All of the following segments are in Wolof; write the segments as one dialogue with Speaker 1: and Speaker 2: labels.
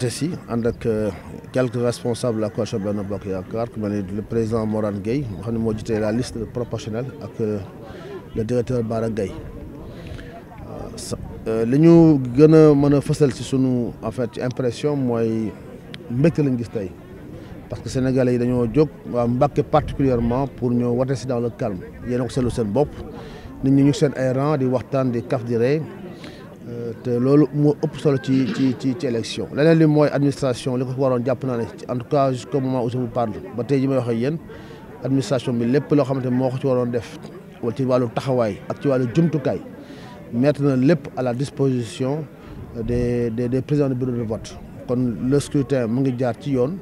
Speaker 1: te si ànd ak euh, quelques responsables la coalition Benno Bokk Yaakaar ku mel ni le président Morane Gueye moo xam ne moo jiite la liste proportionnelle ak euh, le directeur Bara Gueye euh, li ñu gën a mën a fësal si sunu en fait ci impression mooy mbégte lañ gis tey parce que sénégal yi dañoo jóg waa Mbàkke particulièrement pour ñoo wote si dans le calme yéena ko seetlu seen bopp nit ñi ñu seen ay di waxtaan di kaf di rey Euh, te loolu moo ëpp solo ci ci ci ci leneen li mooy administration li ko waroon jàpp naa ne en tout cas jusqu'au moment où je parle ba tey ji may waxee ak yéen administration bi lépp loo xamante moo ko ci waroon def wala ci wàllu taxawaay ak ci wàllu jumtukaay mettre na lépp à la disposition de des des présidents de bureau de vote kon le scrutin mu ngi jaar ci yoon.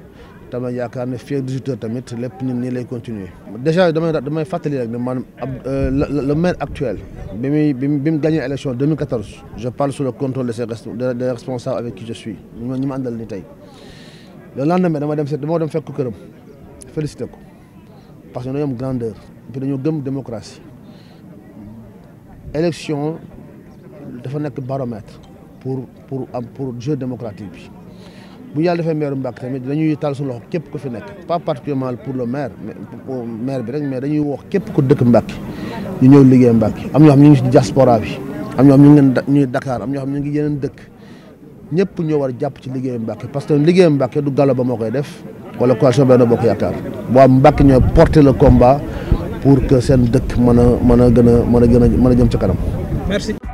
Speaker 1: tam yaakaar ne fii ak 18 heures tamit lépp ñun nii lay continuer déjà damay damay fàttali rek ne man ab euh, le maire actuel bi muy bi mu bi mu gagné élection 2014 je parle sous le contrôle de ses des responsables avec qui je suis ñi ma àndal ni tey le lendemain dama dem seet dama dem fekk këram félicité ko parce que dañoo am grandeur puis dañoo gëm démocratie élection dafa nekk baromètre pour pour am pour jeu démocratique bi bu yàlla defee maire Mbacke tamit dañuy taal suñu loxo képp ko fi nekk pas particulièrement pour le maire maire bi rek mais dañuy wax képp ku dëkk Mbacke ñu ñëw liggéey Mbacke am ñoo xam ñu ngi ci diaspora am ñoo xam ñuy Dakar am ñoo xam ñu ngi yeneen dëkk ñëpp ñoo war a jàpp ci liggéey Mbacke parce que liggéey Mbacke du galo ba moo koy def wala coalition Benno Bokk Yaakaar waa Mbacke ñoo porter le combat pour que seen dëkk mën a mën a gën a mën gën a mën a jëm ci kanam